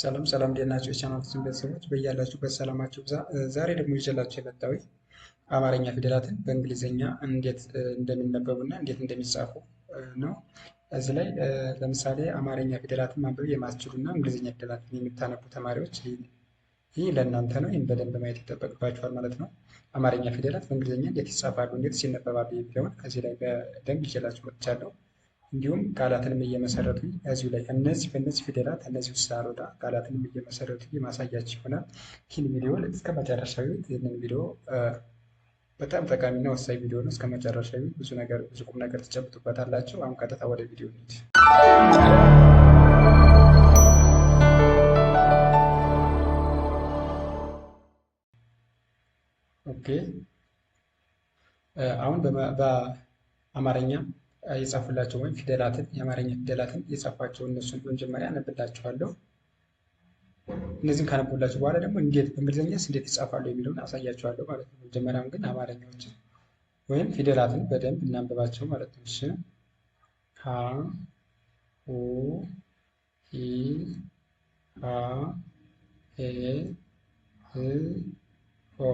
ሰላም ሰላም ደናቸው የቻናላችን ቤተሰቦች በያላችሁበት ሰላማችሁ። ዛሬ ደግሞ ይዤላችሁ የመጣሁት አማርኛ ፊደላትን በእንግሊዝኛ እንዴት እንደሚነበቡና እንዴት እንደሚጻፉ ነው። እዚህ ላይ ለምሳሌ አማርኛ ፊደላትን ማንበብ የማትችሉና እንግሊዝኛ ፊደላትን የምታነቡ ተማሪዎች ይህ ለእናንተ ነው። ይህን በደንብ ማየት ይጠበቅባችኋል ማለት ነው። አማርኛ ፊደላት በእንግሊዝኛ እንዴት ይጻፋሉ፣ እንዴት ሲነበባሉ የሚለውን ከዚህ ላይ በደንብ ይዤላችሁ መጥቻለሁ። እንዲሁም ቃላትንም እየመሰረቱ እዚሁ ላይ እነዚህ በእነዚህ ፊደላት እነዚህ ውስጥ ሳልወጣ ቃላትንም እየመሰረቱ የማሳያችሁ ይሆናል። ይህን ቪዲዮ እስከ መጨረሻ እዩት። ይህንን ቪዲዮ በጣም ጠቃሚና ወሳኝ ቪዲዮ ነው። እስከ መጨረሻ ብዙ ነገር ብዙ ቁም ነገር ትጨብጡበታላችሁ። አሁን ቀጥታ ወደ ቪዲዮ እንሂድ። ኦኬ አሁን በአማርኛ የጻፉላቸው ወይም ፊደላትን የአማርኛ ፊደላትን የጻፏቸው እነሱን በመጀመሪያ አነብላችኋለሁ። እነዚህን ካነቡላችሁ በኋላ ደግሞ እንዴት በእንግሊዝኛስ እንዴት ይጻፋሉ የሚለውን አሳያችኋለሁ ማለት ነው። መጀመሪያም ግን አማርኛዎችን ወይም ፊደላትን በደንብ እናንብባቸው ማለት ነው። እሺ ሀ ሁ ሂ ሀ ሄ ህ ሆ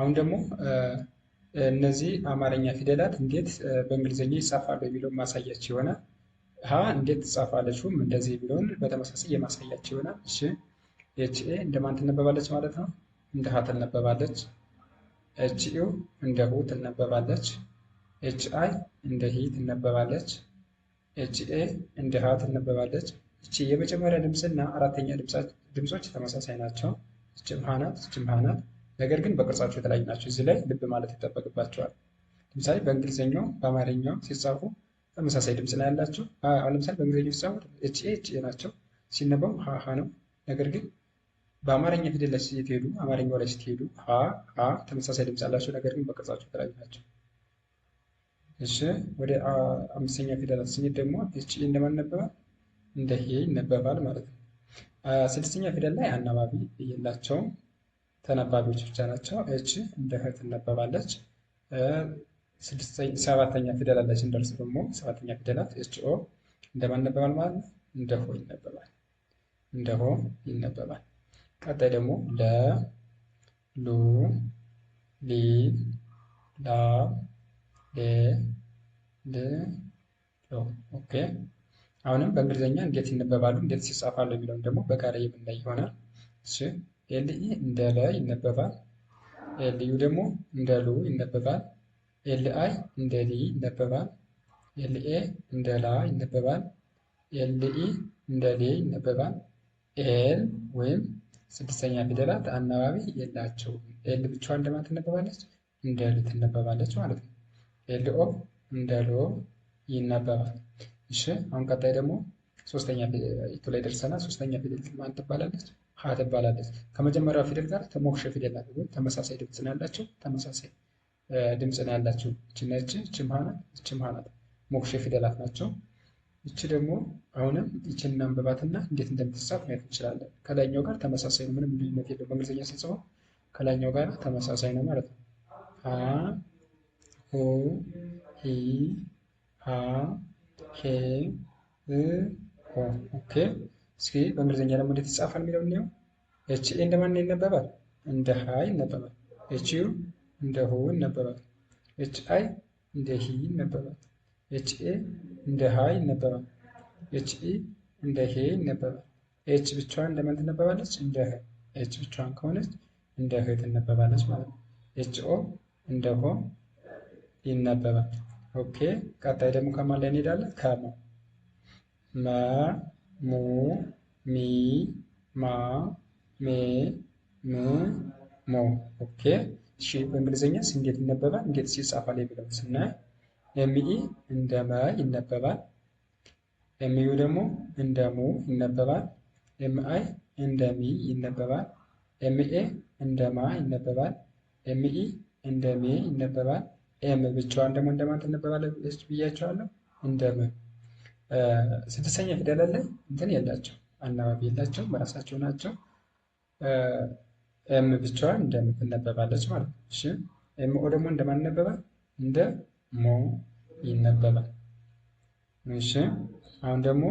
አሁን ደግሞ እነዚህ አማርኛ ፊደላት እንዴት በእንግሊዝኛ ይጻፋሉ የሚለውን ማሳያቸው ይሆናል። ሀ እንዴት ትጻፋለችም እንደዚህ የሚለውን በተመሳሳይ የማሳያቸው ይሆናል። እሺ ኤች እንደማን ትነበባለች ማለት ነው? እንደ ሀ ትነበባለች። ኤች ዩ እንደ ሁ ትነበባለች። ኤች አይ እንደ ሂ ትነበባለች። ኤችኤ ኤ እንደ ሀ ትነበባለች። እቺ የመጀመሪያ ድምፅና አራተኛ ድምጾች ተመሳሳይ ናቸው። እችም ሀ ናት፣ እችም ሀ ናት። ነገር ግን በቅርጻቸው የተለያዩ ናቸው። እዚህ ላይ ልብ ማለት ይጠበቅባቸዋል። ለምሳሌ በእንግሊዝኛው በአማርኛው ሲጻፉ ተመሳሳይ ድምፅ ነው ያላቸው። ለምሳሌ በእንግሊዝኛው ሲጻፉ ኤች ኤች ናቸው፣ ሲነበቡ ሀ ነው። ነገር ግን በአማርኛ ፊደል ላይ ስትሄዱ አማርኛው ላይ ስትሄዱ ሀ ሀ ተመሳሳይ ድምፅ አላቸው፣ ነገር ግን በቅርጻቸው የተለያዩ ናቸው። እሺ ወደ አምስተኛ ፊደላት ስንሄድ ደግሞ ኤች ኤ እንደማን ነበባል? እንደ ሄ ይነበባል ማለት ነው። ስድስተኛ ፊደል ላይ አናባቢ የላቸውም። ተነባቢዎች ብቻ ናቸው። እች እንደ ህ ትነበባለች። ሰባተኛ አለች። እንደርስ ደግሞ ሰባተኛ ፊደላት እች ኦ እንደማን ይነበባል ማለት ነው? እንደ ሆ ይነበባል። እንደ ሆ ይነበባል። ቀጣይ ደግሞ ለ፣ ሉ፣ ሊ፣ ላ፣ ሌ፣ ል፣ ሎ። ኦኬ አሁንም በእንግሊዝኛ እንዴት ይነበባሉ እንዴት ሲጻፋሉ የሚለውን ደግሞ በጋራ የምናይ ይሆናል። እሺ ኤልኢ እንደ ለ ይነበባል። ኤልዩ ደግሞ እንደ ሉ ይነበባል። ኤልአይ እንደ ሊ ይነበባል። ኤልኤ እንደ ላ ይነበባል። ኤልኢ እንደ ሌ ይነበባል። ኤል ወይም ስድስተኛ ፊደላት አናባቢ የላቸውም። ኤል ብቻዋን እንደማን ትነበባለች? እንደ ል ትነበባለች ማለት ነው። ኤልኦ እንደ ሎ ይነበባል። እሺ አሁን ቀጣይ ደግሞ ሶስተኛ ፊደል ላይ ደርሰናል። ሶስተኛ ፊደል ማን ትባላለች? ሀ ትባላለች። ከመጀመሪያው ፊደል ጋር ተሞክሸ ፊደል ናት ወይም ተመሳሳይ ድምፅ ነው ያላቸው ተመሳሳይ ድምፅ ነው ያላቸው። እች ነች፣ እች ሀ ናት፣ እችም ናት። ሞክሸ ፊደላት ናቸው። እች ደግሞ አሁንም እችን እናንብባትና እንዴት እንደምትጻፍ ማየት እንችላለን። ከላይኛው ጋር ተመሳሳይ ነው፣ ምንም ልዩነት የለው። በእንግሊዝኛ ስንጽፈው ከላይኛው ጋር ተመሳሳይ ነው ማለት ነው። ሀ ሁ ሂ ሀ ሄ እ ኦኬ እስኪ በእንግሊዝኛ ደግሞ እንዴት ይጻፋል የሚለው እንየው። ኤች ኤ እንደማን ይነበባል? እንደ ሀ ይነበባል። ኤች ዩ እንደ ሁ ይነበባል። ኤች አይ እንደ ሂ ይነበባል። ኤች ኤ እንደ ሀ ይነበባል። ኤች ኢ እንደ ሄ ይነበባል። ኤች ብቻዋን እንደማን ትነበባለች? እንደ ህ። ኤች ብቻዋን ከሆነች እንደ ህ ትነበባለች ማለት ነው። ኤች ኦ እንደ ሆ ይነበባል። ኦኬ ቀጣይ ደግሞ ከማን ላይ እንሄዳለን? ከመ መ ሙ ሚ ማ ሜ ም ሞ። ኦኬ እሺ፣ በእንግሊዝኛስ እንዴት ይነበባል? እንዴት ሲጻፋል? የሚለው ስናይ ኤም ኢ እንደ መ ይነበባል። ኤምዩ ደግሞ እንደ ሙ ይነበባል። ኤም አይ እንደ ሚ ይነበባል። ኤምኤ እንደ ማ ይነበባል። ኤም ኢ እንደ ሜ ይነበባል። ኤም ብቻዋን ደግሞ እንደማን ትነበባለች ብያቸዋለሁ? እንደ ም ስድስተኛ ፊደል ላይ እንትን የላቸው አናባቢ የላቸው በራሳቸው ናቸው። ኤም ብቻዋን እንደምትነበባለች ማለት ነው። እሺ ኤም ኦ ደግሞ እንደማን ይነበባል? እንደ ሞ ይነበባል። እሺ አሁን ደግሞ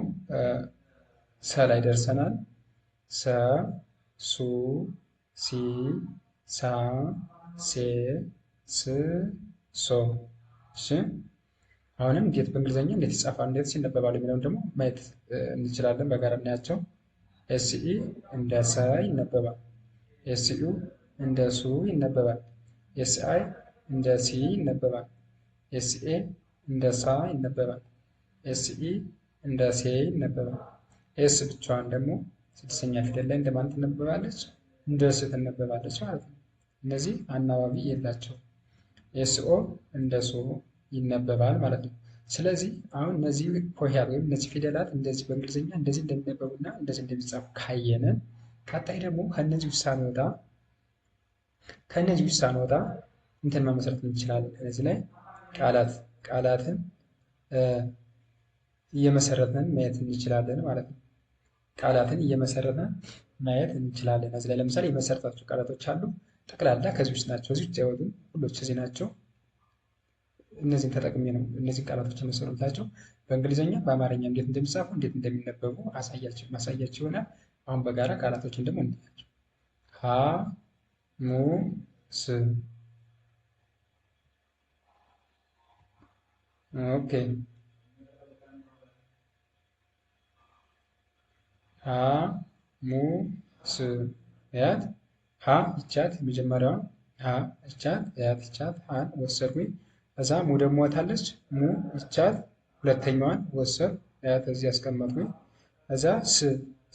ሰ ላይ ደርሰናል። ሰ ሱ ሲ ሳ ሴ ስ ሶ እሺ አሁንም እንዴት በእንግሊዝኛ እንዴት ይጻፋል፣ እንዴት ይነበባሉ የሚለውን ደግሞ ማየት እንችላለን። በጋራ እናያቸው። ኤስኢ እንደ ሰ ይነበባል። ኤስዩ እንደ ሱ ይነበባል። አይ እንደ ሲ ይነበባል። ኤስኤ እንደ ሳ ይነበባል። ኤስኢ እንደ ሴ ይነበባል። ኤስ ብቻዋን ደግሞ ስድስተኛ ፊደል ላይ እንደማን ትነበባለች? እንደ ስ ትነበባለች ማለት ነው። እነዚህ አናባቢ የላቸው። ኤስኦ እንደ ሶ ይነበባል ማለት ነው። ስለዚህ አሁን እነዚህ ሆሄያት ወይም እነዚህ ፊደላት እንደዚህ በእንግሊዝኛ እንደዚህ እንደሚነበቡና እንደዚህ እንደሚጻፉ ካየነ ቀጣይ ደግሞ ከእነዚህ ውሳ ወጣ ከእነዚህ ውሳ ወጣ እንትን መመስረት እንችላለን። እዚህ ላይ ቃላት ቃላትን እየመሰረትን ማየት እንችላለን ማለት ነው። ቃላትን እየመሰረትን ማየት እንችላለን። እዚህ ላይ ለምሳሌ የመሰረታቸው ቃላቶች አሉ። ጠቅላላ ከዚህ ውስጥ ናቸው። እዚህ ውስጥ ያወጡ ሁሎች እዚህ ናቸው። እነዚህን ተጠቅሜ ነው እነዚህ ቃላቶች የመሰሩላቸው። በእንግሊዝኛ በአማርኛ እንዴት እንደሚጻፉ እንዴት እንደሚነበቡ አሳያቸው ማሳያቸው ይሆናል። አሁን በጋራ ቃላቶችን ደግሞ ሙ ስ ኦኬ ሀ ሙ ስ ያት ሀ ይቻት የመጀመሪያውን ሀ ይቻት ያት ይቻት ሀን ወሰድኩኝ ከዛ ሙ ደግሞ ታለች ሙ ይቻል ሁለተኛዋን ወሰብ ያት እዚህ ያስቀመጥኩኝ። ከዛ ስ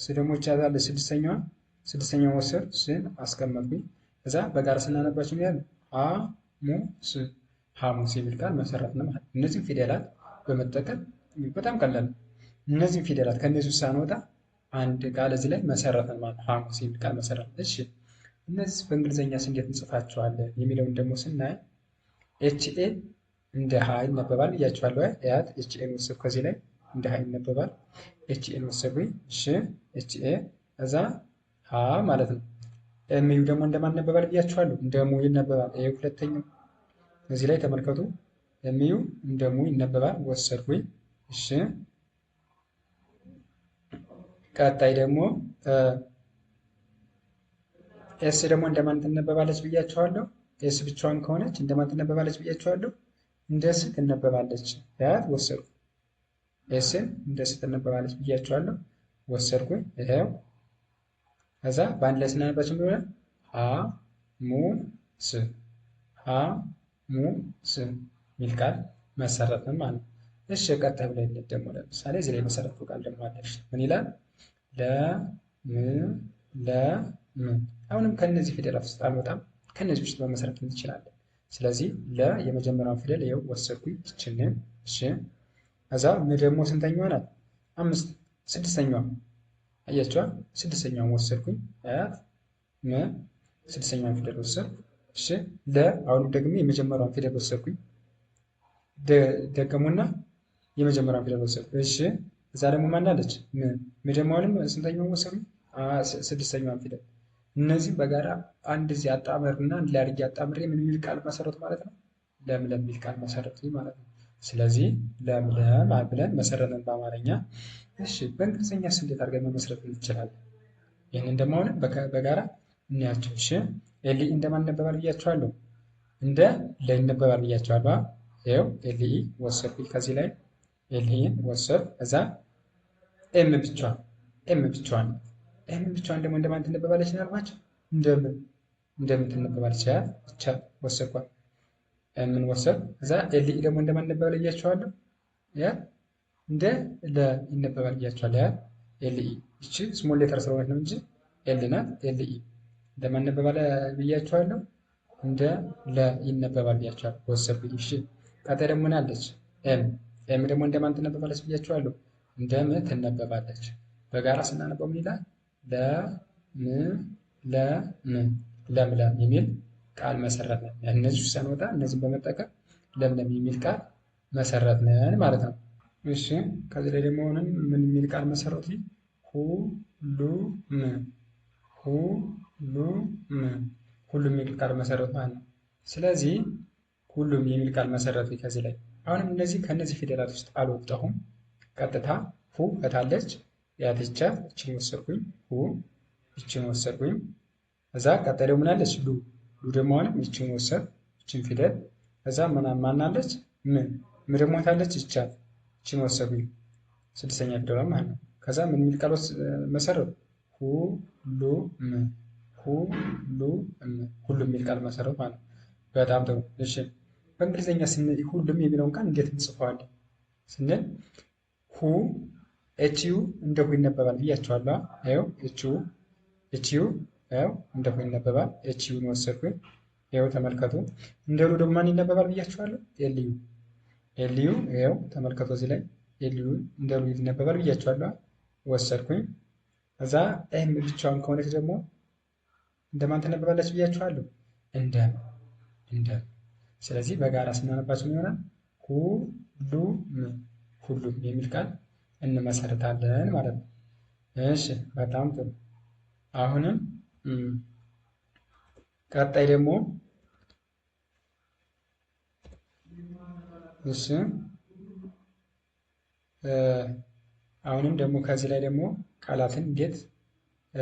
ስ ደግሞ ይቻታለች ስድስተኛዋን ስድስተኛዋን ወሰብ ስን አስቀመጥኩኝ። ከዛ በጋር ስናነባቸው ያል አ ሙ ስ ሐሙስ የሚል ቃል መሰረት ነው። እነዚህም ፊደላት በመጠቀም በጣም ቀላል እነዚህም ፊደላት ከእነዚህ ውስጥ ሳንወጣ አንድ ቃል እዚህ ላይ መሰረት ነው ማለት ሐሙስ የሚል ቃል መሰረት። እሺ እነዚህ በእንግሊዝኛ ስንዴት እንጽፋቸዋለን የሚለውን ደግሞ ስናይ ኤችኤ እንደ ሀ ይነበባል። እያቸዋለሁ ያት ኤችኤን ውስብ ከዚህ ላይ እንደ ሀ ይነበባል። ኤችኤን ውስብ ሽ ኤችኤ እዛ ሀ ማለት ነው። ኤምዩ ደግሞ እንደማን ይነበባል ብያቸዋለሁ? እንደ ሙ ይነበባል። ይሄ ሁለተኛው እዚህ ላይ ተመልከቱ። ኤምዩ እንደ ሙ ይነበባል። ወሰድኩኝ። እሺ ቀጣይ ደግሞ ኤስ ደግሞ እንደማን ትነበባለች ብያቸዋለሁ? ኤስ ብቻዋን ከሆነች እንደማን ትነበባለች ብያቸዋለሁ? እንደ ስ ትነበባለች። ያት ወሰድኩ። ኤስን እንደ ስ ትነበባለች ብያቸዋለሁ። ወሰድኩኝ። ይሄው ከዛ በአንድ ላይ ስናነባቸው ምን ይሆናል? ሀ ሙ ስ ሀ ሙ ስ የሚል ቃል መሰረትን ማለት ነው። እሺ ቀጣይ ብለን ደግሞ ለምሳሌ እዚህ ላይ መሰረቱ ቃል ደግሞ አለ። ምን ይላል? ለ ለ አሁንም ከነዚህ ፊደላት ውስጥ አልወጣም። ከነዚህ ውስጥ መመስረት ትችላለህ። ስለዚህ ለ የመጀመሪያውን ፊደል ይኸው ወሰድኩኝ ይችንን እሺ። ከዛ ም ደግሞ ስንተኛ ይሆናል? አምስት ስድስተኛዋ አያችዋ። ስድስተኛውን ወሰድኩኝ አያት ም ስድስተኛውን ፊደል ወሰድኩ እሺ። ለ አሁን ደግሞ የመጀመሪያውን ፊደል ወሰድኩኝ ደገሙና የመጀመሪያውን ፊደል ወሰድኩ እሺ። እዛ ደግሞ ማናለች ም ም ደግሞ አሁንም ስንተኛውን ወሰድኩኝ ስድስተኛዋን ፊደል እነዚህ በጋራ አንድ እዚህ አጣመር እና አንድ ላይ አድርጌ አጣምሬ ምን የሚል ቃል መሰረት ማለት ነው ለምለም የሚል ቃል መሰረቱ ማለት ነው። ስለዚህ ለምለም ብለን መሰረትን በአማርኛ። እሺ በእንግሊዝኛ ስ እንዴት አድርገን መመስረት እንችላለን? ይህንን ደግሞ አሁንም በጋራ እንያቸው። እሺ ኤልኢ እንደማን ነበባል ብያቸዋለሁ። እንደ ለይ ነበባል ብያቸዋለሁ። ይኸው ኤልኢ ወሰድኩኝ ከዚህ ላይ ኤልኢን ወሰድኩ እዛ ኤም ብቻዋን ኤም ብቻዋን ለምን ብቻዋን ደግሞ እንደማን ትነበባለች ነው ያልኳቸው? እንደምን እንደምን ትነበባለች? ያ ብቻ ወሰድኳል። ምን ወሰድ እዛ ኤልኢ ደግሞ እንደማን ነበባል እያቸዋለሁ። ያ እንደ ለ ይነበባል እያቸዋለሁ። ያ ኤልኢ እቺ ስሞል ሌተር ስለሆነች ነው እንጂ ኤል ናት። ኤልኢ እንደማን ነበባል ብያቸዋለሁ። እንደ ለ ይነበባል ብያቸዋለሁ። ወሰድኩኝ። እሺ ቀጣይ ደግሞ ናለች ኤም ኤም ደግሞ እንደማን ትነበባለች ብያቸዋለሁ። እንደም ትነበባለች። በጋራ ስናነበው ምን ይላል? ለም ለም ለምለም የሚል ቃል መሰረትን። እነዚህ ሰንወጣ እነዚህን በመጠቀም ለምለም የሚል ቃል መሰረትን ማለት ነው። እሺ ከዚህ ላይ ደግሞ ሆነን ምን የሚል ቃል መሰረቱ? ሁሉም ሁሉም ሁሉም የሚል ቃል መሰረት ማለት ነው። ስለዚህ ሁሉም የሚል ቃል መሰረት ከዚህ ላይ አሁንም እነዚህ ከእነዚህ ፊደላት ውስጥ አልወጣሁም። ቀጥታ ሁ እታለች ያት ይቻ ወሰድኩኝ ሁ ይችን ወሰድኩኝ። እዛ ቀጠለው ምናለች ሉ ሉ ደግሞ አሁንም ይችን ወሰድ ይችን ፊደል እዛ ምናም ማናለች ምን ም ደግሞ ታለች እቻ ይችን ወሰድኩኝ ስድስተኛ ፊደላ ማለት ነው። ከዛ ምን የሚል ቃል መሰረቱ ሁ ሉ ም ሁ ሉ ም ሁሉ የሚል ቃል መሰረው ማለት ነው። በጣም ጥሩ እሺ። በእንግሊዝኛ ስንል ሁሉም የሚለውን ቃል እንዴት እንጽፈዋለን ስንል ሁ ኤችዩ እንደ ይነበባል ብያቸዋለሁ። ው ኤችዩ ኤችዩ ይኸው ይነበባል። ኤችዩን ወሰድኩኝ። ው ተመልከቱ። እንደሉ ደግሞ ማን ይነበባል ብያቸዋለሁ? ኤልዩ ኤልዩ ው ተመልከቱ። እዚህ ላይ ኤልዩ እንደሉ ይነበባል ብያቸዋለሁ። ወሰድኩኝ። እዛ ኤም ብቻውን ከሆነች ደግሞ እንደማን ትነበባለች ብያቸዋለሁ? እንደ እንደ ስለዚህ በጋራ ስናነባቸው ይሆናል ሁሉም ሁሉም የሚል ቃል እንመሰርታለን ማለት ነው። እሺ በጣም ጥሩ። አሁንም ቀጣይ ደግሞ እሺ አሁንም ደግሞ ከዚህ ላይ ደግሞ ቃላትን እንዴት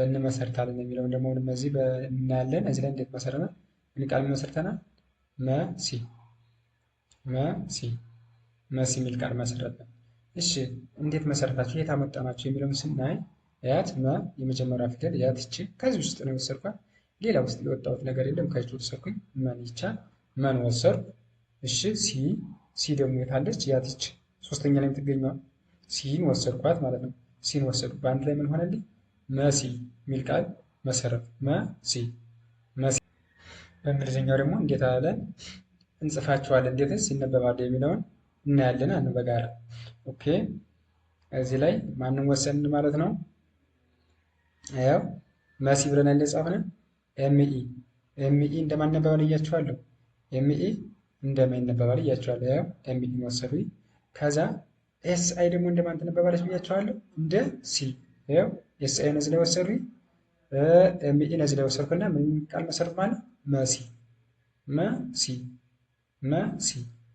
እንመሰርታለን የሚለውን ደግሞ እዚህ እናያለን። እዚህ ላይ እንዴት መሰረና ምን ቃል መሰርተናል? መሲ መሲ መሲ የሚል ቃል መሰረት ነው። እሺ እንዴት መሰረታችሁ የት አመጣናችሁ የሚለውን ስናይ ያት መ የመጀመሪያ ፊደል ያት እቺ ከዚህ ውስጥ ነው የወሰድኳት። ሌላ ውስጥ የወጣሁት ነገር የለም። ከዚህ ወሰድኩኝ መን ይቻል መን ወሰድኩ። እሺ ሲ ሲ ደግሞ የታለች ያት እቺ ሶስተኛ ላይ የምትገኘዋ ሲን ወሰድኳት ማለት ነው። ሲን ወሰዱ በአንድ ላይ ምን ሆነልኝ? መሲ የሚል ቃል መሰረት መሲ መሲ። በእንግሊዝኛው ደግሞ እንዴት አለን እንጽፋችኋለን፣ እንዴትስ ይነበባሉ የሚለውን እናያለን። በጋራ ኦኬ እዚህ ላይ ማንም ወሰንን ማለት ነው? ያው መሲ ብለን እንደጻፍን ኤምኢ ኤምኢ እንደማን ነበባል እያችኋለሁ። ኤምኢ እንደማን ነበባል እያችኋለሁ። ያው ኤምኢ ወሰዱኝ። ከዛ ኤስ አይ ደግሞ እንደማን ትነበባለች ብያችኋለሁ? እንደ ሲ። ያው ኤስ አይ ነዚህ ላይ ወሰዱኝ። ኤምኢ ነዚህ ላይ ወሰድኩና ምን ቃል መሰረት ማለት መሲ መሲ መሲ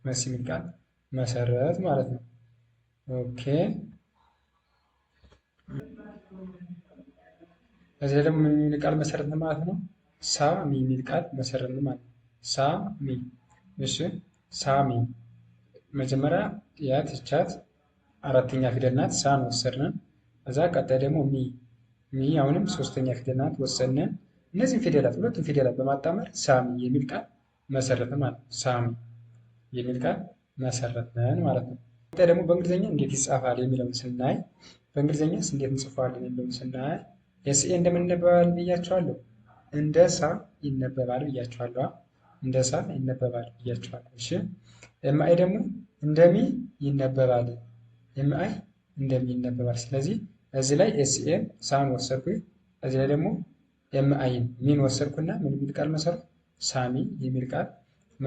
መሲ የሚል ቃል መሰረት ማለት ነው። ኦኬ። እዚህ ደግሞ ምን የሚል ቃል መሰረት ነው ማለት ነው። ሳሚ የሚል ቃል መሰረት ነው ማለት ነው። ሳሚ እሺ፣ ሳሚ መጀመሪያ ያ ትቻት አራተኛ ፊደል ናት። ሳን ወሰድነን። እዛ ቀጣይ ደግሞ ሚ ሚ አሁንም ሶስተኛ ፊደል ናት ወሰድነን። እነዚህም ፊደላት ሁለቱም ፊደላት በማጣመር ሳሚ የሚል ቃል መሰረት ማለት ነው። ሳሚ የሚል ቃል መሰረትን ማለት ነው። ደግሞ በእንግሊዝኛ እንዴት ይጻፋል የሚለውን ስናይ በእንግሊዝኛስ እንዴት እንጽፈዋለን የሚለውን ስናይ ኤስኤ እንደምን ይነበባል ብያቸዋለሁ። እንደ ሳ ይነበባል ብያቸዋለሁ። እንደ ሳ ይነበባል ብያቸዋለሁ። እሺ ኤምአይ ደግሞ እንደሚ ይነበባል። ኤምአይ እንደሚ ይነበባል። ስለዚህ እዚህ ላይ ኤስኤም ሳን ወሰድኩ እዚህ ላይ ደግሞ ኤምአይን ሚን ወሰድኩና ምን የሚል ቃል መሰረት ሳሚ የሚል ቃል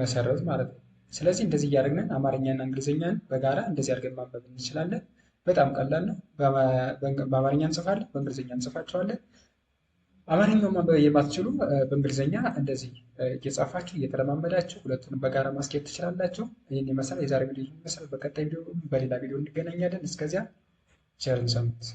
መሰረት ማለት ነው። ስለዚህ እንደዚህ እያደረግን አማርኛና እንግሊዝኛን በጋራ እንደዚህ አድርገን ማንበብ እንችላለን። በጣም ቀላል ነው። በአማርኛ እንጽፋለን፣ በእንግሊዝኛ እንጽፋቸዋለን። አማርኛው ማንበብ የማትችሉ በእንግሊዝኛ እንደዚህ እየጻፋችሁ እየተለማመዳችሁ ሁለቱንም በጋራ ማስኬድ ትችላላችሁ። ይህን ይመስላል የዛሬ ቪዲዮ ይመስላል። በቀጣይ ቪዲዮ በሌላ ቪዲዮ እንገናኛለን። እስከዚያ ቸርን ሰንብቱ።